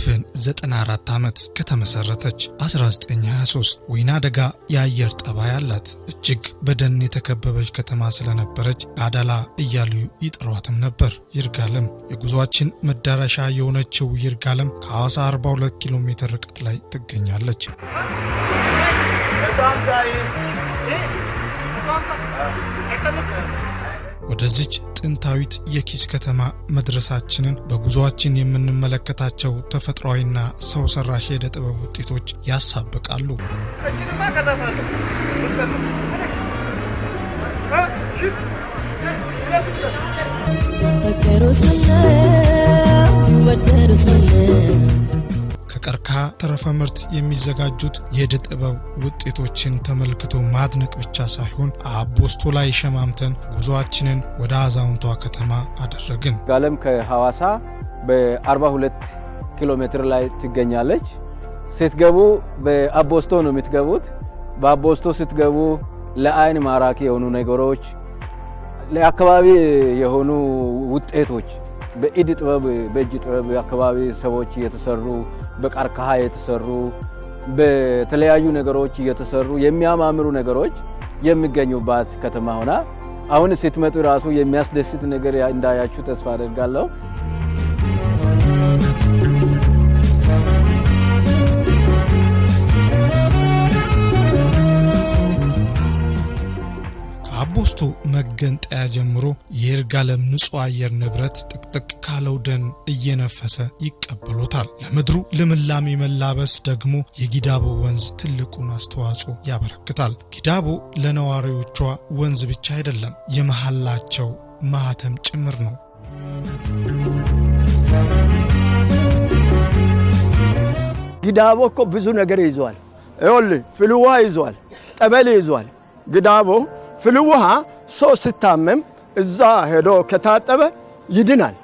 ድፍን 94 ዓመት ከተመሰረተች 1923 ወይና ደጋ የአየር ጠባይ አላት። እጅግ በደን የተከበበች ከተማ ስለነበረች አዳላ እያሉ ይጠሯትም ነበር። ይርጋለም የጉዟችን መዳረሻ የሆነችው ይርጋለም ከሐዋሳ 42 ኪሎ ሜትር ርቀት ላይ ትገኛለች። ወደዚች ጥንታዊት የኪስ ከተማ መድረሳችንን በጉዞአችን የምንመለከታቸው ተፈጥሯዊና ሰው ሰራሽ የዕደ ጥበብ ውጤቶች ያሳብቃሉ። ከቀርከሃ ተረፈ ምርት የሚዘጋጁት የእደ ጥበብ ውጤቶችን ተመልክቶ ማድነቅ ብቻ ሳይሆን አቦስቶ ላይ ሸማምተን ጉዞአችንን ወደ አዛውንቷ ከተማ አደረግን። ጋለም ከሐዋሳ በ42 ኪሎ ሜትር ላይ ትገኛለች። ስትገቡ በአቦስቶ ነው የምትገቡት። በአቦስቶ ስትገቡ ለአይን ማራኪ የሆኑ ነገሮች፣ ለአካባቢ የሆኑ ውጤቶች በኢድ ጥበብ በእጅ ጥበብ አካባቢ ሰዎች የተሰሩ በቀርከሃ የተሰሩ በተለያዩ ነገሮች እየተሰሩ የሚያማምሩ ነገሮች የሚገኙባት ከተማ ሆና አሁን ስትመጡ ራሱ የሚያስደስት ነገር እንዳያችሁ ተስፋ አደርጋለሁ። ከቦስቶ መገንጠያ ጀምሮ የይርጋለም ንጹሕ አየር ንብረት ጥቅጥቅ ካለው ደን እየነፈሰ ይቀበሎታል። ለምድሩ ልምላሜ መላበስ ደግሞ የጊዳቦ ወንዝ ትልቁን አስተዋጽኦ ያበረክታል። ጊዳቦ ለነዋሪዎቿ ወንዝ ብቻ አይደለም፣ የመሐላቸው ማህተም ጭምር ነው። ጊዳቦ እኮ ብዙ ነገር ይዟል። ይኸውልህ ፍልውሃ ይዟል፣ ጠበል ይዟል። ግዳቦ ፍል ውሃ ሰው ስታመም እዛ ሄዶ ከታጠበ ይድናል።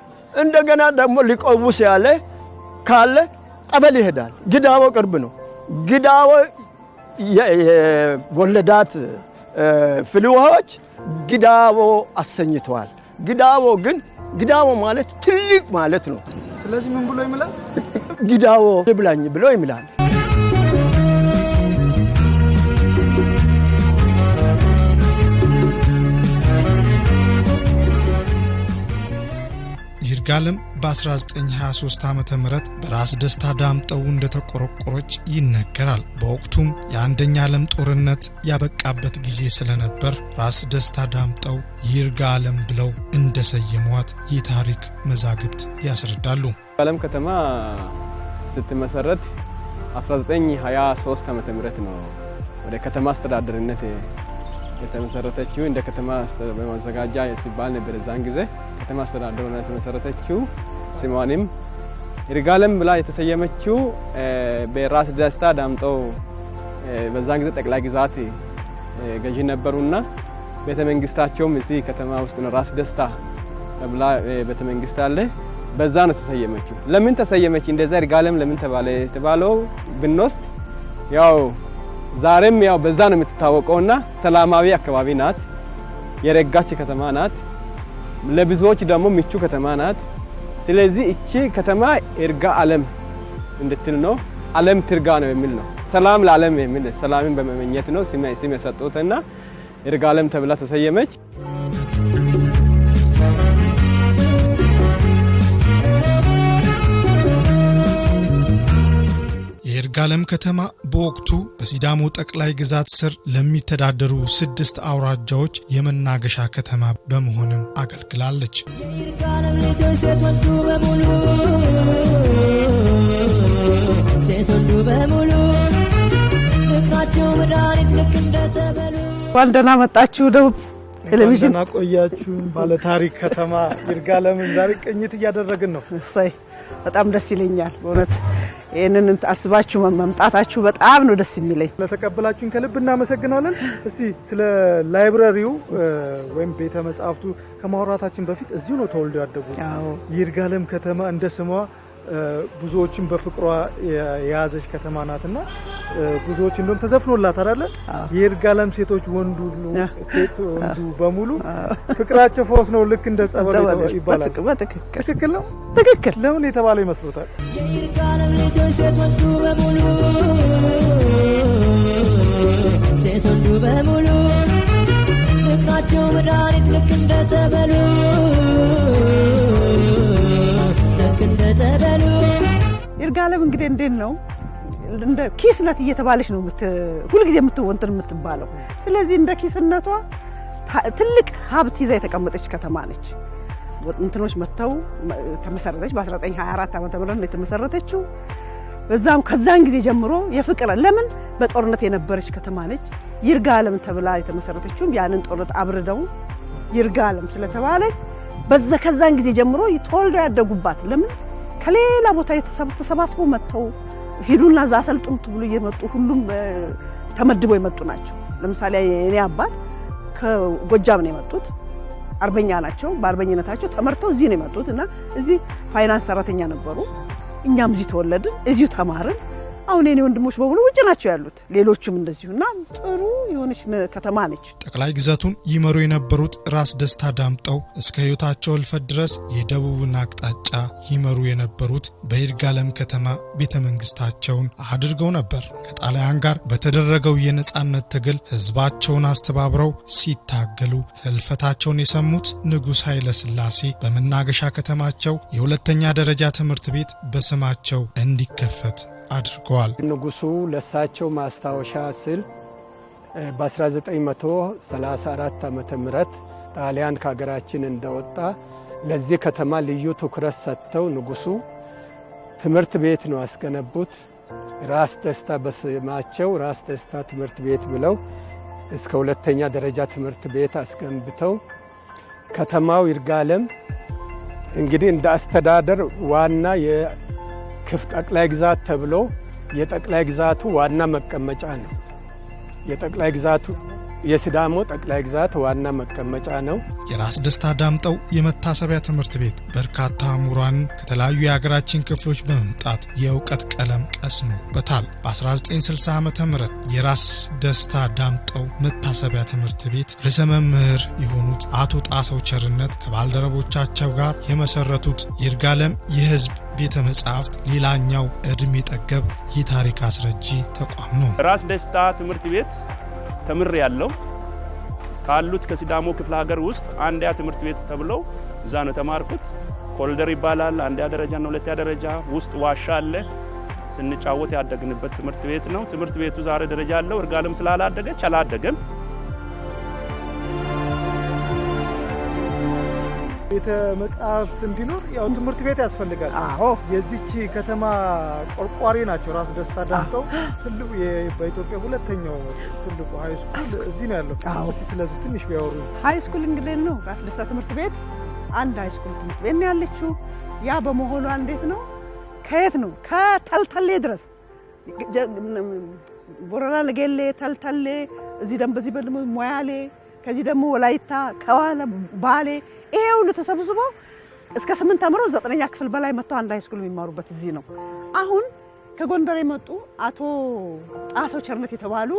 እንደገና ደግሞ ሊቆውስ ያለ ካለ ጠበል ይሄዳል። ግዳቦ ቅርብ ነው። ግዳቦ ወለዳት ፍልውሃዎች ግዳቦ አሰኝተዋል። ግዳቦ ግን ግዳቦ ማለት ትልቅ ማለት ነው። ስለዚህ ምን ብሎ ይምላል? ግዳቦ ይብላኝ ብሎ ይምላል። ይርጋለም በ1923 ዓ ም በራስ ደስታ ዳምጠው እንደተቆረቆረች ይነገራል። በወቅቱም የአንደኛ ዓለም ጦርነት ያበቃበት ጊዜ ስለነበር ራስ ደስታ ዳምጠው ይርጋለም ብለው እንደሰየሟት የታሪክ መዛግብት ያስረዳሉ። ይርጋለም ከተማ ስትመሰረት 1923 ዓ ም ነው ወደ ከተማ አስተዳደርነት የተመሰረተችው እንደ ከተማ በማዘጋጃ ሲባል ነበር። እዛን ጊዜ ከተማ አስተዳደሩ ነው የተመሰረተችው። ስሟንም ይርጋለም ብላ የተሰየመችው በራስ ደስታ ዳምጦ በዛን ጊዜ ጠቅላይ ግዛት ገዢ ነበሩና ቤተ መንግስታቸውም እዚህ ከተማ ውስጥ ነው። ራስ ደስታ ተብላ ቤተ መንግስት አለ። በዛ ነው ተሰየመችው። ለምን ተሰየመች? እንደዛ ይርጋለም ለምን ተባለ የተባለው ብንወስድ ያው ዛሬም ያው በዛ ነው የምትታወቀውና ሰላማዊ አካባቢ ናት። የረጋች ከተማ ናት። ለብዙዎች ደግሞ ምቹ ከተማ ናት። ስለዚህ እቺ ከተማ እርጋ ዓለም እንድትል ነው። ዓለም ትርጋ ነው የሚል ነው። ሰላም ለዓለም የሚል ሰላምን በመመኘት ነው ስም የሰጡትና እርጋ ዓለም ተብላ ተሰየመች። መጋለም ከተማ በወቅቱ በሲዳሞ ጠቅላይ ግዛት ስር ለሚተዳደሩ ስድስት አውራጃዎች የመናገሻ ከተማ በመሆንም አገልግላለች። እንኳን ደህና መጣችሁ ደቡብ ቴሌቪዥን ቆያችሁ። ባለታሪክ ከተማ ይርጋለምን ዛሬ ቅኝት እያደረግን ነው። በጣም ደስ ይለኛል በእውነት ይህንን አስባችሁ መምጣታችሁ በጣም ነው ደስ የሚለኝ። ለተቀበላችሁን ከልብ እናመሰግናለን። እስቲ ስለ ላይብረሪው ወይም ቤተ መጽሐፍቱ ከማውራታችን በፊት እዚሁ ነው ተወልዶ ያደጉ። ይርጋለም ከተማ እንደ ስሟ ብዙዎችን በፍቅሯ የያዘች ከተማ ናት እና ብዙዎች እንደውም ተዘፍኖላት አይደለ የይርጋለም ሴቶች ወንዱ ሴት ወንዱ በሙሉ ፍቅራቸው ፈውስ ነው፣ ልክ እንደ ጸበል ይባላል። ትክክል ነው። ትክክል ለምን የተባለው ይመስሉታል የይርጋለም ልጆች ሴት ወንዱ በሙሉ ሴት ወንዱ በሙሉ ፍቅራቸው መድኃኒት ልክ እንደ ተበሉ። ይርጋለም እንግዲህ እንዴት ነው እንደ ኪስነት እየተባለች ነው ሁልጊዜ የምትወንትን የምትባለው። ስለዚህ እንደ ኪስነቷ ትልቅ ሀብት ይዛ የተቀመጠች ከተማ ነች። እንትኖች መጥተው ተመሰረተች። በ1924 ዓመተ ምህረት ነው የተመሰረተችው። በዛም ከዛን ጊዜ ጀምሮ የፍቅር ለምን በጦርነት የነበረች ከተማ ነች። ይርጋለም ተብላ የተመሰረተችውም ያንን ጦርነት አብርደው ይርጋለም ስለተባለች በዛ ከዛን ጊዜ ጀምሮ ተወልደው ያደጉባት ለምን ከሌላ ቦታ ተሰባስበው መጥተው ሂዱና እዛ አሰልጥኑ ብሎ እየመጡ ሁሉም ተመድበው የመጡ ናቸው። ለምሳሌ የኔ አባት ከጎጃም ነው የመጡት። አርበኛ ናቸው። በአርበኝነታቸው ተመርተው እዚህ ነው የመጡት እና እዚህ ፋይናንስ ሰራተኛ ነበሩ። እኛም እዚህ ተወለድን፣ እዚሁ ተማርን። አሁን የኔ ወንድሞች በሙሉ ውጭ ናቸው ያሉት፣ ሌሎቹም እንደዚሁና ጥሩ የሆነች ከተማ ነች። ጠቅላይ ግዛቱን ይመሩ የነበሩት ራስ ደስታ ዳምጠው እስከ ህይወታቸው እልፈት ድረስ የደቡብን አቅጣጫ ይመሩ የነበሩት በይርጋለም ከተማ ቤተ መንግስታቸውን አድርገው ነበር። ከጣሊያን ጋር በተደረገው የነጻነት ትግል ህዝባቸውን አስተባብረው ሲታገሉ ህልፈታቸውን የሰሙት ንጉሥ ኃይለ ስላሴ በመናገሻ ከተማቸው የሁለተኛ ደረጃ ትምህርት ቤት በስማቸው እንዲከፈት አድርጓል። አድርገዋል። ንጉሱ ለሳቸው ማስታወሻ ስል በ1934 ዓ ም ጣሊያን ከሀገራችን እንደወጣ ለዚህ ከተማ ልዩ ትኩረት ሰጥተው ንጉሱ ትምህርት ቤት ነው ያስገነቡት። ራስ ደስታ በስማቸው ራስ ደስታ ትምህርት ቤት ብለው እስከ ሁለተኛ ደረጃ ትምህርት ቤት አስገንብተው ከተማው ይርጋለም እንግዲህ እንደ አስተዳደር ዋና የክፍለ ጠቅላይ ግዛት ተብሎ የጠቅላይ ግዛቱ ዋና መቀመጫ ነው። የጠቅላይ ግዛቱ የሲዳሞ ጠቅላይ ግዛት ዋና መቀመጫ ነው። የራስ ደስታ ዳምጠው የመታሰቢያ ትምህርት ቤት በርካታ ምሁራን ከተለያዩ የሀገራችን ክፍሎች በመምጣት የእውቀት ቀለም ቀስመውበታል። በ1960 ዓ ም የራስ ደስታ ዳምጠው መታሰቢያ ትምህርት ቤት ርዕሰ መምህር የሆኑት አቶ ጣሰው ቸርነት ከባልደረቦቻቸው ጋር የመሰረቱት ይርጋለም የህዝብ ቤተ መጻሕፍት ሌላኛው እድሜ ጠገብ የታሪክ አስረጂ ተቋም ነው። ራስ ደስታ ትምህርት ቤት ተምር ያለው ካሉት ከሲዳሞ ክፍለ ሀገር ውስጥ አንዲያ ትምህርት ቤት ተብለው እዛ ነው ተማርኩት ኮልደር ይባላል። ደረጃ ደረጃና ሁለተኛ ደረጃ ውስጥ ዋሻ አለ። ስንጫወት ያደግንበት ትምህርት ቤት ነው። ትምህርት ቤቱ ዛሬ ደረጃ አለው። እርጋለም ስላላደገች አላደገም። ቤተ መጽሐፍት እንዲኖር ያው ትምህርት ቤት ያስፈልጋል። አዎ የዚች ከተማ ቆርቋሪ ናቸው። ራስ ደስታ ዳምጠው ትልቁ በኢትዮጵያ ሁለተኛው ትልቁ ሃይ ስኩል እዚህ ነው ያለው። እስቲ ስለዚህ ትንሽ ቢያወሩ። ሃይ ስኩል እንግዲህ ነው ራስ ደስታ ትምህርት ቤት አንድ ሃይ ስኩል ትምህርት ቤት ነው ያለችው። ያ በመሆኗ እንዴት ነው ከየት ነው ከተልተሌ ድረስ ቦረና ለጌሌ ተልተሌ፣ እዚህ ደግሞ በዚህ ደግሞ ሞያሌ፣ ከዚህ ደግሞ ወላይታ ከዋለ ባሌ ይሄ ሁሉ ተሰብስቦ እስከ ስምንት ተምረው ዘጠነኛ ክፍል በላይ መጥተው አንድ ሃይስኩል የሚማሩበት እዚህ ነው። አሁን ከጎንደር የመጡ አቶ ጣሰው ቸርነት የተባሉ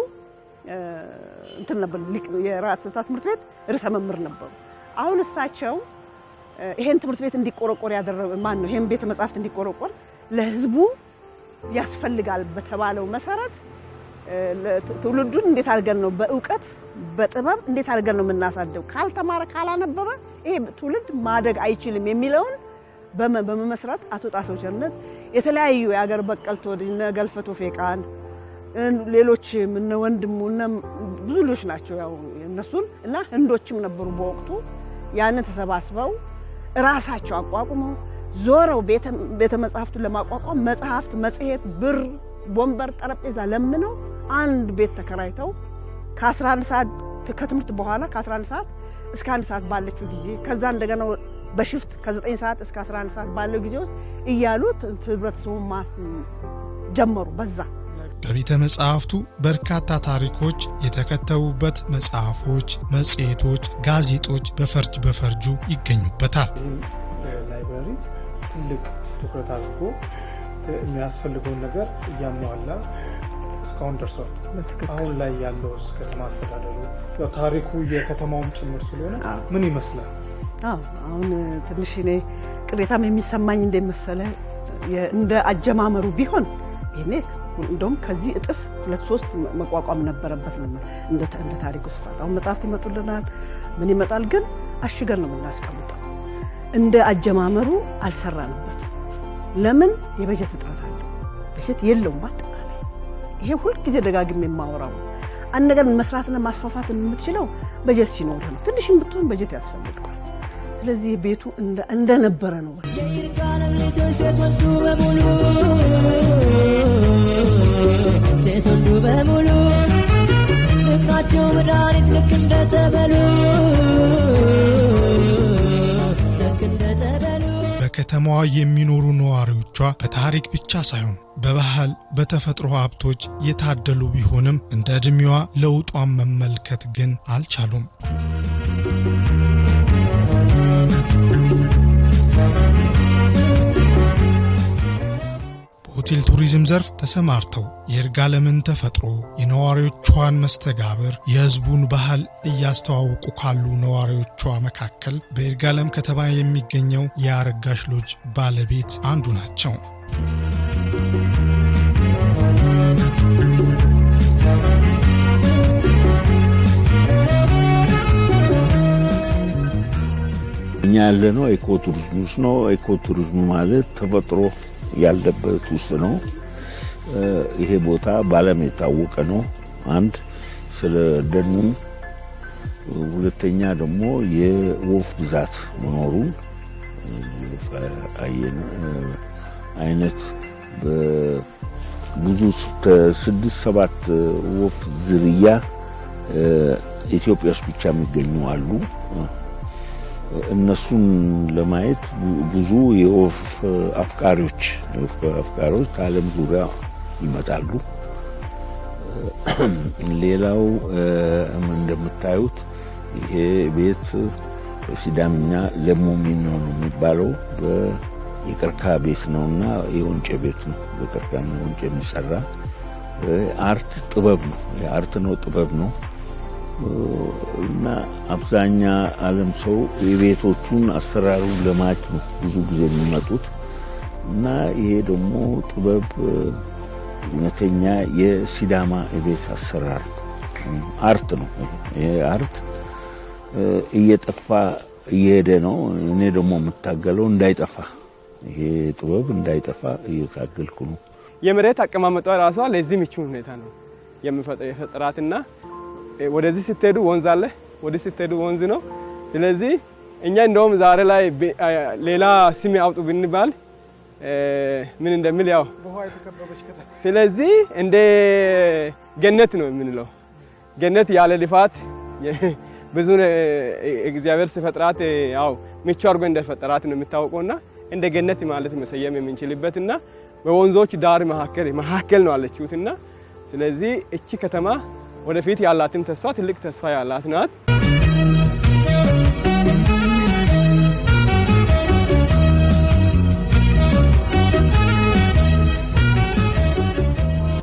እንትን ነበር የራስ ትምህርት ቤት ርዕሰ መምህር ነበሩ። አሁን እሳቸው ይሄን ትምህርት ቤት እንዲቆረቆር ያደረገ ማን ነው? ይሄን ቤተ መጻሕፍት እንዲቆረቆር ለህዝቡ ያስፈልጋል በተባለው መሰረት ትውልዱን እንዴት አድርገን ነው በእውቀት በጥበብ እንዴት አድርገን ነው የምናሳደው? ካልተማረ ካላነበበ ይሄ ትውልድ ማደግ አይችልም የሚለውን በመመስረት አቶ ጣሰው ቸርነት የተለያዩ የአገር በቀል ተወዳጅ እነ ገልፈቶ ፌቃን ሌሎችም እነ ወንድሙ ብዙ ልጆች ናቸው ያው እነሱን እና ህንዶችም ነበሩ በወቅቱ ያንን ተሰባስበው እራሳቸው አቋቁመው ዞረው ቤተ መጽሐፍቱን ለማቋቋም መጽሐፍት፣ መጽሔት፣ ብር፣ ወንበር፣ ጠረጴዛ ለምነው አንድ ቤት ተከራይተው ከ11 ሰዓት ከትምህርት በኋላ ከ11 ሰዓት እስከ አንድ ሰዓት ባለችው ጊዜ ከዛ እንደገና በሽፍት ከ9 ሰዓት እስከ 11 ሰዓት ባለው ጊዜ ውስጥ እያሉት ህብረተሰቡ ማስ ጀመሩ። በዛ በቤተ መጻሕፍቱ በርካታ ታሪኮች የተከተቡበት መጽሐፎች፣ መጽሔቶች፣ ጋዜጦች በፈርጅ በፈርጁ ይገኙበታል። ላይብራሪ ትልቅ ትኩረት አድርጎ የሚያስፈልገውን ነገር እያሟላ እስካሁን ደርሷል። አሁን ላይ ያለው ከተማ አስተዳደሩ ታሪኩ የከተማውም ጭምር ስለሆነ ምን ይመስላል? አሁን ትንሽ እኔ ቅሬታም የሚሰማኝ እንደመሰለ እንደ አጀማመሩ ቢሆን ይሄኔ እንደውም ከዚህ እጥፍ ሁለት ሶስት መቋቋም ነበረበት ነው እንደ ታሪኩ ስፋት። አሁን መጽሐፍት ይመጡልናል፣ ምን ይመጣል፣ ግን አሽገር ነው የምናስቀምጠው። እንደ አጀማመሩ አልሰራንበት። ለምን? የበጀት እጥረት አለ። በጀት የለውም። ይሄ ሁልጊዜ ደጋግሜ የማወራው አንድ ነገር መስራትና ማስፋፋት የምትችለው በጀት ሲኖር ነው። ትንሽ ብትሆን በጀት ያስፈልገዋል። ስለዚህ ቤቱ እንደነበረ ነው። ሴቶቹ በሙሉ ፍቅራቸው መድኃኒት ልክ እንደተበሉ ከተማዋ የሚኖሩ ነዋሪዎቿ በታሪክ ብቻ ሳይሆን በባህል በተፈጥሮ ሀብቶች የታደሉ ቢሆንም እንደ ዕድሜዋ ለውጧን መመልከት ግን አልቻሉም። በሆቴል ቱሪዝም ዘርፍ ተሰማርተው የይርጋለምን ተፈጥሮ፣ የነዋሪዎቿን መስተጋብር፣ የህዝቡን ባህል እያስተዋወቁ ካሉ ነዋሪዎቿ መካከል በይርጋለም ከተማ የሚገኘው የአረጋሽ ሎጅ ባለቤት አንዱ ናቸው። እኛ ያለነው ኤኮ ነው። ኤኮ ማለት ተፈጥሮ ያለበት ውስጥ ነው። ይሄ ቦታ በዓለም የታወቀ ነው። አንድ ስለ ደኑ፣ ሁለተኛ ደግሞ የወፍ ብዛት መኖሩ አይነት ብዙ ስድስት ሰባት ወፍ ዝርያ ኢትዮጵያ ውስጥ ብቻ የሚገኙ አሉ። እነሱን ለማየት ብዙ የወፍ አፍቃሪዎች የወፍ አፍቃሪዎች ከዓለም ዙሪያ ይመጣሉ። ሌላው እንደምታዩት ይሄ ቤት ሲዳምኛ ለሙሚን ነው የሚባለው የቀርካ ቤት ነው እና የወንጨ ቤት ነው። በቀርካና ወንጨ የሚሰራ አርት ጥበብ ነው። የአርት ነው ጥበብ ነው። እና አብዛኛ ዓለም ሰው የቤቶቹን አሰራሩ ለማየት ነው ብዙ ጊዜ የሚመጡት እና ይሄ ደግሞ ጥበብ እውነተኛ የሲዳማ የቤት አሰራር አርት ነው። ይሄ አርት እየጠፋ እየሄደ ነው። እኔ ደግሞ የምታገለው እንዳይጠፋ ይሄ ጥበብ እንዳይጠፋ እየታገልኩ ነው። የመሬት አቀማመጧ ራሷ ለዚህ ምቹ ሁኔታ ነው የፈጠራትና Eh, ወደዚህ ስትሄዱ ወንዝ አለ፣ ወደዚህ ስትሄዱ ወንዝ ነው። ስለዚህ እኛ እንደውም ዛሬ ላይ ሌላ ስም አውጡ ብንባል ምን እንደሚል ያው፣ ስለዚህ እንደ ገነት ነው የምንለው። ገነት ያለ ልፋት ብዙ እግዚአብሔር ሲፈጥራት ያው ምቹ አድርጎ እንደፈጠራት ነው የምታወቀውና እንደ ገነት ማለት መሰየም የምንችልበትና በወንዞች ዳር መካከል መካከል ነው አለችሁትና ስለዚህ እቺ ከተማ ወደፊት ያላትን ተስፋ ትልቅ ተስፋ ያላት ናት።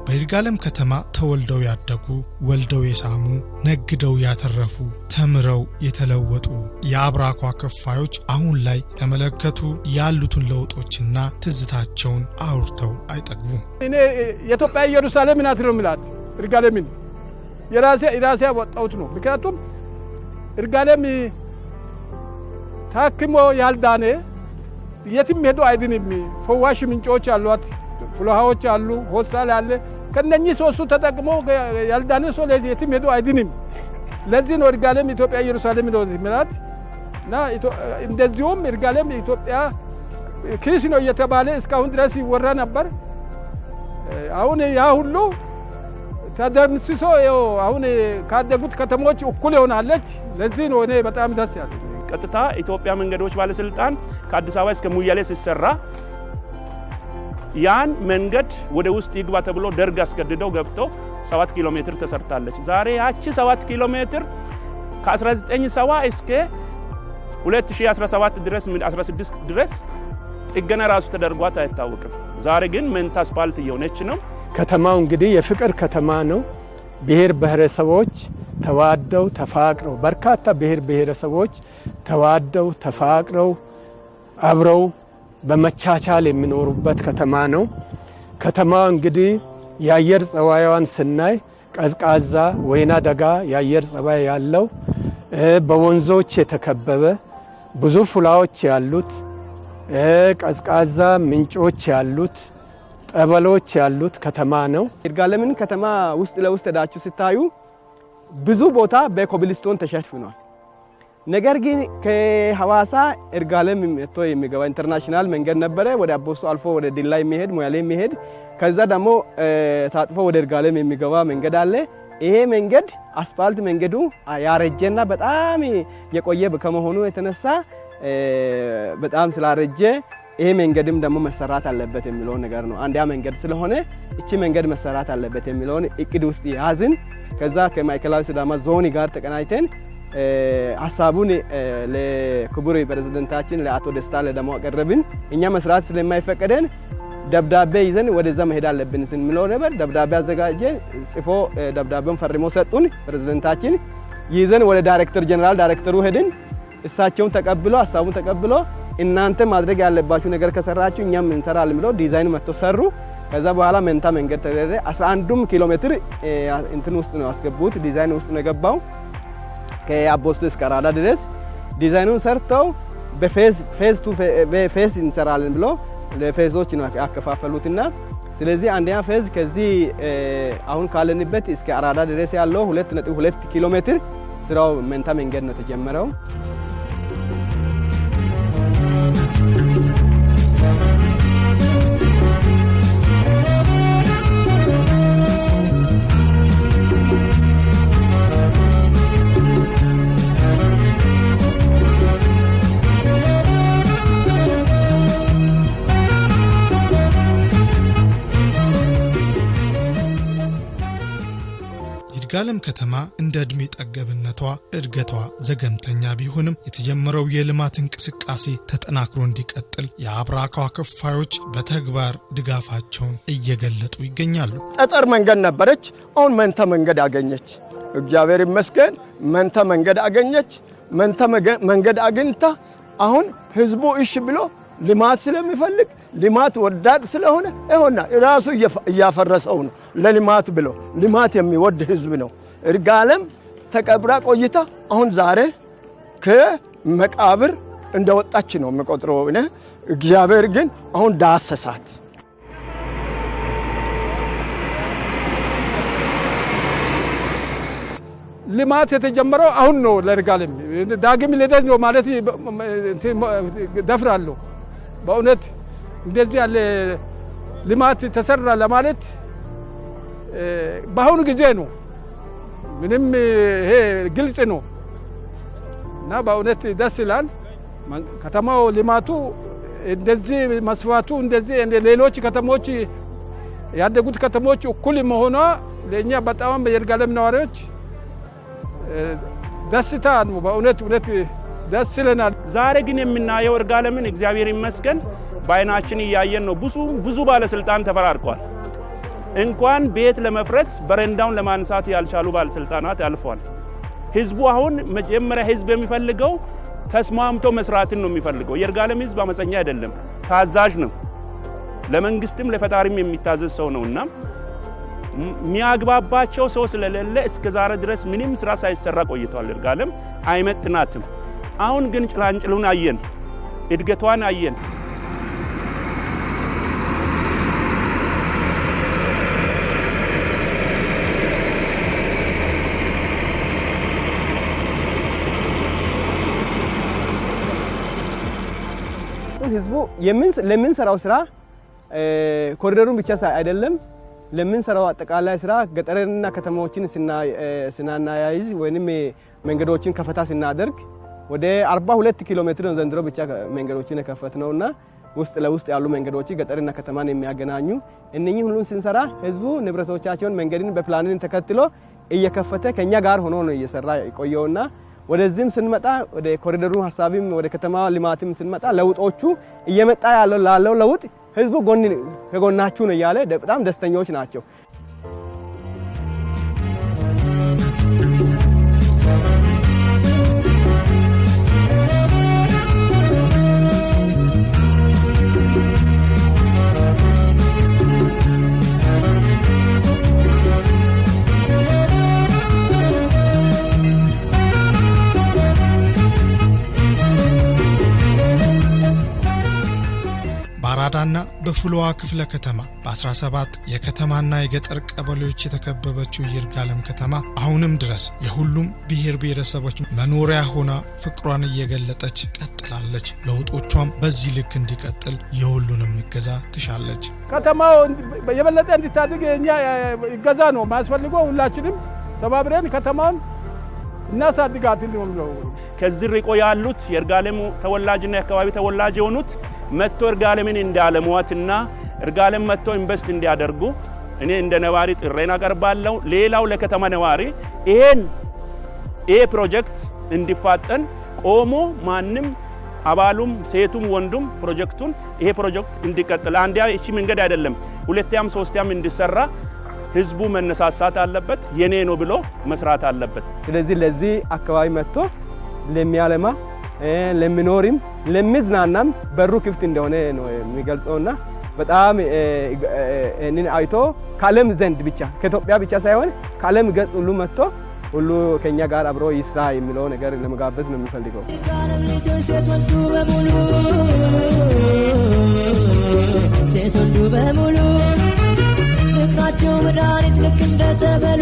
በይርጋለም ከተማ ተወልደው ያደጉ፣ ወልደው የሳሙ፣ ነግደው ያተረፉ፣ ተምረው የተለወጡ የአብራኳ ከፋዮች አሁን ላይ የተመለከቱ ያሉትን ለውጦችና ትዝታቸውን አውርተው አይጠግቡም። እኔ የኢትዮጵያ ኢየሩሳሌም ናት ነው ምላት ይርጋለምን የራሴ የራሴ ያወጣሁት ነው። ምክንያቱም እርጋለም ታክሞ ያልዳነ የትም ሄዶ አይድንም። ፈዋሽ ምንጮች አሏት፣ ፍልሃዎች አሉ፣ ሆስፒታል አለ። ከነኚህ ሶስቱ ተጠቅሞ ያልዳነ ሰው የትም ሄዶ አይድንም። ለዚህ ነው እርጋለም ኢትዮጵያ ኢየሩሳሌም ነው ምላት እና እንደዚሁም እርጋለም ኢትዮጵያ ክሪስ ነው እየተባለ እስካሁን ድረስ ይወራ ነበር። አሁን ያ ሁሉ ተደምስሶ አሁን ካደጉት ከተሞች እኩል ይሆናለች። ለዚህ ነው እኔ በጣም ደስ ያለ። ቀጥታ ኢትዮጵያ መንገዶች ባለስልጣን ከአዲስ አበባ እስከ ሙያሌ ሲሰራ ያን መንገድ ወደ ውስጥ ይግባ ተብሎ ደርግ አስገድደው ገብቶ 7 ኪሎ ሜትር ተሰርታለች። ዛሬ ያቺ 7 ኪሎ ሜትር ከ1970 እስከ 2017 ድረስ 16 ድረስ ጥገና ራሱ ተደርጓት አይታወቅም። ዛሬ ግን መንታ አስፓልት እየሆነች ነው። ከተማው እንግዲህ የፍቅር ከተማ ነው። ብሔር ብሔረሰቦች ተዋደው ተፋቅረው በርካታ ብሔር ብሔረሰቦች ተዋደው ተፋቅረው አብረው በመቻቻል የሚኖሩበት ከተማ ነው። ከተማው እንግዲህ የአየር ጸባይዋን ስናይ ቀዝቃዛ ወይና ደጋ የአየር ጸባይ ያለው በወንዞች የተከበበ ብዙ ፉላዎች ያሉት ቀዝቃዛ ምንጮች ያሉት ቀበሎች ያሉት ከተማ ነው። ይርጋለምን ከተማ ውስጥ ለውስጥ ሄዳችሁ ስታዩ ብዙ ቦታ በኮብልስቶን ተሸፍኗል። ነገር ግን ከሐዋሳ ይርጋለም መጥቶ የሚገባ ኢንተርናሽናል መንገድ ነበረ። ወደ አቦስቶ አልፎ ወደ ዲላ የሚሄድ ሙያሌ የሚሄድ ከዛ ደግሞ ታጥፎ ወደ ይርጋለም የሚገባ መንገድ አለ። ይሄ መንገድ አስፋልት መንገዱ ያረጀና በጣም የቆየ ከመሆኑ የተነሳ በጣም ስላረጀ ይሄ መንገድም ደግሞ መሰራት አለበት የሚለው ነገር ነው። አንዲያ መንገድ ስለሆነ እቺ መንገድ መሰራት አለበት የሚለውን እቅድ ውስጥ ያዝን። ከዛ ከማዕከላዊ ሲዳማ ዞን ጋር ተቀናጅተን ሀሳቡን ለክቡር ፕሬዝደንታችን ለአቶ ደስታ ለደሞ አቀረብን። እኛ መስራት ስለማይፈቀደን ደብዳቤ ይዘን ወደዛ መሄድ አለብን ስንምለው ነበር። ደብዳቤ አዘጋጀን፣ ጽፎ ደብዳቤውን ፈርሞ ሰጡን ፕሬዝደንታችን። ይዘን ወደ ዳይሬክተር ጀነራል ዳይሬክተሩ ሄድን። እሳቸውን ተቀብሎ ሀሳቡን ተቀብሎ እናንተ ማድረግ ያለባችሁ ነገር ከሰራችሁ እኛም እንሰራለን ብለው ዲዛይን መጥቶ ሰሩ። ከዛ በኋላ መንታ መንገድ ተደረደ። 11 ኪሎ ሜትር እንትን ውስጥ ነው ያስገቡት፣ ዲዛይን ውስጥ ነው የገባው። ከአቦስቶ እስከ አራዳ ድረስ ዲዛይኑን ሰርተው በፌዝ ፌዝ ቱ እንሰራለን ብሎ ለፌዞች ነው ያከፋፈሉትና ስለዚህ አንደኛ ፌዝ ከዚህ አሁን ካለንበት እስከ አራዳ ድረስ ያለው 2.2 ኪሎ ሜትር ስራው መንታ መንገድ ነው ተጀመረው። Thank you. ይርጋለም ከተማ እንደ ዕድሜ ጠገብነቷ እድገቷ ዘገምተኛ ቢሆንም የተጀመረው የልማት እንቅስቃሴ ተጠናክሮ እንዲቀጥል የአብራኳ ክፋዮች በተግባር ድጋፋቸውን እየገለጡ ይገኛሉ። ጠጠር መንገድ ነበረች፣ አሁን መንተ መንገድ አገኘች። እግዚአብሔር ይመስገን መንተ መንገድ አገኘች። መንተ መንገድ አግኝታ አሁን ህዝቡ እሺ ብሎ ልማት ስለሚፈልግ ልማት ወዳድ ስለሆነ ይሆና ራሱ እያፈረሰው ነው። ለልማት ብሎ ልማት የሚወድ ህዝብ ነው። እርጋለም ተቀብራ ቆይታ አሁን ዛሬ ከመቃብር እንደወጣች ነው የሚቆጥረው። እኔ እግዚአብሔር ግን አሁን ዳሰሳት። ልማት የተጀመረው አሁን ነው። ለእርጋለም ዳግም ልደት ነው ማለት ደፍራለሁ። በእውነት እንደዚህ ያለ ልማት ተሰራ ለማለት በአሁኑ ጊዜ ነው። ምንም ይሄ ግልጽ ነው እና በእውነት ደስ ይላል። ከተማው ልማቱ እንደዚህ መስፋቱ እንደዚህ ሌሎች ከተሞች ያደጉት ከተሞች እኩል መሆኗ ለእኛ በጣም የይርጋለም ነዋሪዎች ደስታ ነው። በእውነት እውነት ደስ ይለናል። ዛሬ ግን የምናየው እርጋለምን እግዚአብሔር ይመስገን በአይናችን እያየን ነው። ብዙ ብዙ ባለስልጣን ተፈራርቋል። እንኳን ቤት ለመፍረስ በረንዳውን ለማንሳት ያልቻሉ ባለስልጣናት አልፏል። ህዝቡ አሁን መጀመሪያ ህዝብ የሚፈልገው ተስማምቶ መስራትን ነው የሚፈልገው። የእርጋለም ህዝብ አመፀኛ አይደለም፣ ታዛዥ ነው። ለመንግስትም ለፈጣሪም የሚታዘዝ ሰው እና የሚያግባባቸው ሰው ስለሌለ እስከ ዛሬ ድረስ ምንም ስራ ሳይሰራ ቆይቷል። እርጋለም አይመጥናትም። አሁን ግን ጭላንጭሉን አየን፣ እድገቷን አየን። ህዝቡ ለምንሰራው ስራ ኮሪደሩን ብቻ አይደለም ለምንሰራው አጠቃላይ ስራ ገጠርንና ከተማዎችን ስናናያይዝ ወይም መንገዶችን ከፈታ ስናደርግ ወደ 42 ኪሎ ሜትር ነው ዘንድሮ ብቻ መንገዶችን የከፈት ነውና ውስጥ ለውስጥ ያሉ መንገዶች ገጠርና ከተማን የሚያገናኙ እነኚህ ሁሉን ስንሰራ ህዝቡ ንብረቶቻቸውን መንገድን በፕላንን ተከትሎ እየከፈተ ከኛ ጋር ሆኖ ነው እየሰራ የቆየውና ወደዚህም ስንመጣ ወደ ኮሪደሩ ሀሳብም ወደ ከተማ ልማትም ስንመጣ ለውጦቹ እየመጣ ያለው ላለው ለውጥ ህዝቡ ከጎናችሁ ነው እያለ በጣም ደስተኞች ናቸው። በፍሎዋ ክፍለ ከተማ በ17 የከተማና የገጠር ቀበሌዎች የተከበበችው ይርጋለም ከተማ አሁንም ድረስ የሁሉም ብሔር ብሔረሰቦች መኖሪያ ሆና ፍቅሯን እየገለጠች ቀጥላለች። ለውጦቿም በዚህ ልክ እንዲቀጥል የሁሉንም እገዛ ትሻለች። ከተማው የበለጠ እንዲታድግ እኛ እገዛ ነው ማያስፈልገው። ሁላችንም ተባብረን ከተማውን እናሳድጋት ከዚህ ርቆ ያሉት የይርጋለሙ ተወላጅና የአካባቢ ተወላጅ የሆኑት መጥቶ እርጋለምን እንዳለሟትና እርጋለም መጥቶ ኢንቨስት እንዲያደርጉ እኔ እንደ ነዋሪ ጥሬን አቀርባለሁ። ሌላው ለከተማ ነዋሪ ይሄን ይሄ ፕሮጀክት እንዲፋጠን ቆሞ ማንም አባሉም ሴቱም ወንዱም ፕሮጀክቱን ይሄ ፕሮጀክት እንዲቀጥል አንዲያ እቺ መንገድ አይደለም ሁለትያም ሶስትያም እንዲሰራ ህዝቡ መነሳሳት አለበት። የኔ ነው ብሎ መስራት አለበት። ስለዚህ ለዚህ አካባቢ መጥቶ ለሚያለማ ለሚኖርም ለሚዝናናም በሩ ክፍት እንደሆነ ነው የሚገልጸውና በጣም እንን አይቶ ከዓለም ዘንድ ብቻ ከኢትዮጵያ ብቻ ሳይሆን ከዓለም ገጽ ሁሉ መጥቶ ሁሉ ከኛ ጋር አብሮ ይስራ የሚለው ነገር ለመጋበዝ ነው የሚፈልገው። ሴቶቹ በሙሉ ፍቅራቸው መድኃኒት ልክ እንደተበሉ